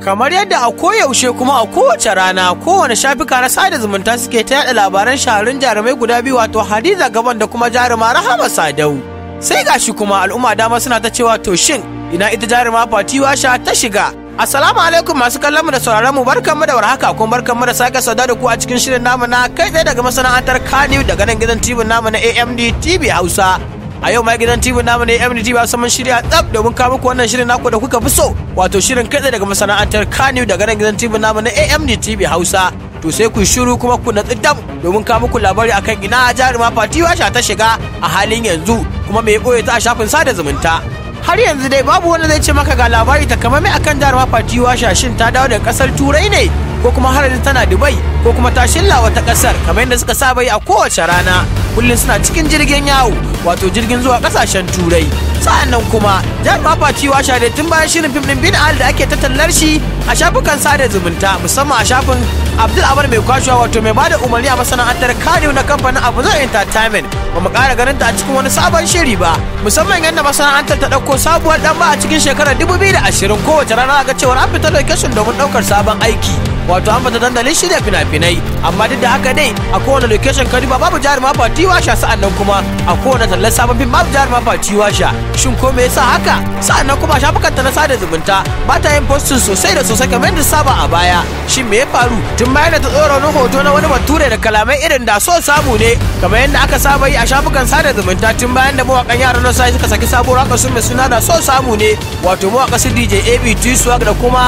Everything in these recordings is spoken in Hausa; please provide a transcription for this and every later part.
kamar yadda a koyaushe kuma a kowace rana kowane shafuka na sada zumunta suke ta yada labaran shaharun jarumai guda biyu wato hadiza gaban da kuma jaruma rahama sadau sai gashi kuma al'umma dama suna ta cewa to shin ina ita jaruma Fati, sha ta shiga Assalamu alaikum masu kallon mu da sauraron mu barkan mu da warhaka kuma barkan mu da sake sauda da ku a cikin shirin namu na kai tsaye daga masana'antar Kaniyu daga nan gidan TV namu na AMD TV Hausa a yau ma gidan tv namu ne mdt ba mun shirya tsab domin kawo muku wannan shirin naku da kuka fi so wato shirin kai daga masana'antar kanu daga nan gidan tv namu na amd tv hausa to sai ku shiru kuma ku natsi dam domin kawo muku labari akan ina jaruma fatiwa ta shiga a halin yanzu kuma mai boye ta a shafin sada zumunta har yanzu dai babu wanda zai ce maka ga labari takamaimai akan jaruma fatiwa shashin ta dawo daga kasar turai ne ko kuma har yanzu tana dubai ko kuma ta shilla wata kasar kamar yadda suka saba yi a kowace rana kullum suna cikin jirgin yawo wato jirgin zuwa kasashen turai sa'annan kuma jihar papa cewa shade tun bayan shirin fim din bin al da ake tattallar shi a shafukan sada zumunta musamman a shafin abdul abar mai kwashewa wato mai bada umarni a masana'antar kaniyo na kamfanin abuzar entertainment ba mu kara ganin ta a cikin wani sabon shiri ba musamman yadda masana'antar ta ɗauko sabuwar dan ba a cikin shekarar 2020 kowace rana ga cewar an fita location domin ɗaukar sabon aiki wato an fata dandalin shirya fina-finai amma duk da haka dai a kowane location kaduna babu jaruma fati washa nan kuma a kowane tallar sababbin babu jaruma fati washa shin ko me yasa haka sa'an nan kuma shafukan ta na sada zumunta ba ta yin postin sosai da sosai kamar yadda saba a baya shin me ya faru tun bayan da ta tsora wani hoto na wani bature da kalamai irin da so samu ne kamar yadda aka saba yi a shafukan sada zumunta tun bayan da mawakan yaran sai suka saki sabuwar haka sun mai suna da so samu ne wato mawaka su DJ AB T da kuma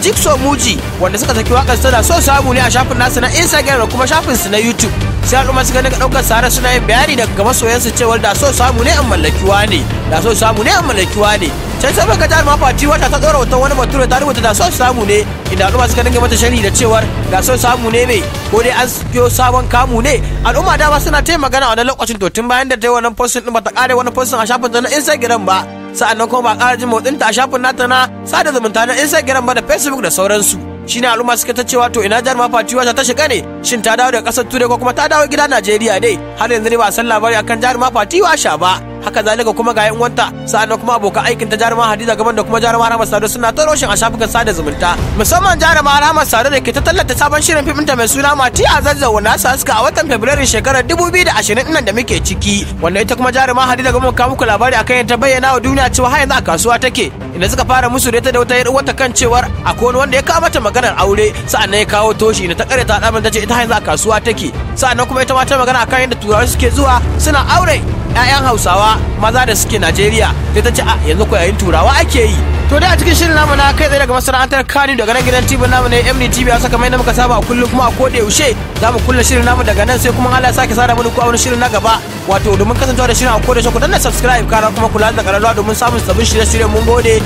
jigsaw muji wanda suka saki wakar tana so samu ne a shafin nasu na instagram da kuma shafin su na youtube sai al'umma suka daga daukar sare suna yin bayani daga masoyansu cewa da so samu ne an mallakiwa ne da so samu ne an mallakiwa ne can sai ga jami'a fati wata ta tsora wata wani bature ta rubuta da so samu ne inda al'umma suka dinga mata sharhi da cewar da so samu ne mai ko dai an siyo sabon kamu ne al'umma dama suna taimaka magana a wannan lokacin to tun bayan da ta yi wannan postin din bata kare wani postin a shafin ta na instagram ba sa'an nan kuma ba ƙara jin motsin ta a shafin nata na sada zumunta na Instagram ba da Facebook da sauransu shi ne al'umma suka ta cewa to ina fati wata ta shiga ne shin ta dawo daga ƙasar Turai ko kuma ta dawo gida Najeriya dai har yanzu ne ba san labari akan ma fati washa ba haka zalika kuma ga yan uwanta sa'annan kuma abokan aikin ta jaruma hadiza gaban da kuma jaruma rahmat sado suna ta roshin a shafukan sada zumunta musamman jaruma rahmat sado da ke ta tallata sabon shirin fim ta mai suna mati a zazzawa nasa haska a watan fabrairu shekarar 2020 nan da muke ciki wanda ita kuma jaruma hadiza gaban kawo muku labari akan ta bayyana wa duniya cewa har yanzu a kasuwa take inda suka fara musu da ita da wata yar uwarta kan cewar akwai wanda ya kawo mata maganar aure sa'annan ya kawo toshi da ta kare ta ta ce ita har yanzu a kasuwa take sa'annan kuma ita ma ta magana akan yadda turawa suke zuwa suna aure 'ya'yan hausawa maza da suke najeriya sai ta ce a ah, yanzu ko yayin turawa ake yi to dai a cikin shirin namu na kai tsaye daga masana'antar kano daga nan gidan tv namu ne md tv ya saka mai muka saba a kullum kuma a koda yaushe za mu kulle shirin namu daga nan sai kuma allah ya sake sada mu ku a wani shirin na gaba wato domin kasancewa da shirin a koda yaushe ku danna subscribe kana kuma kula da kararrawa domin samun sabbin shirye shirye mun gode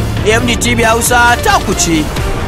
tv hausa ta Kuce.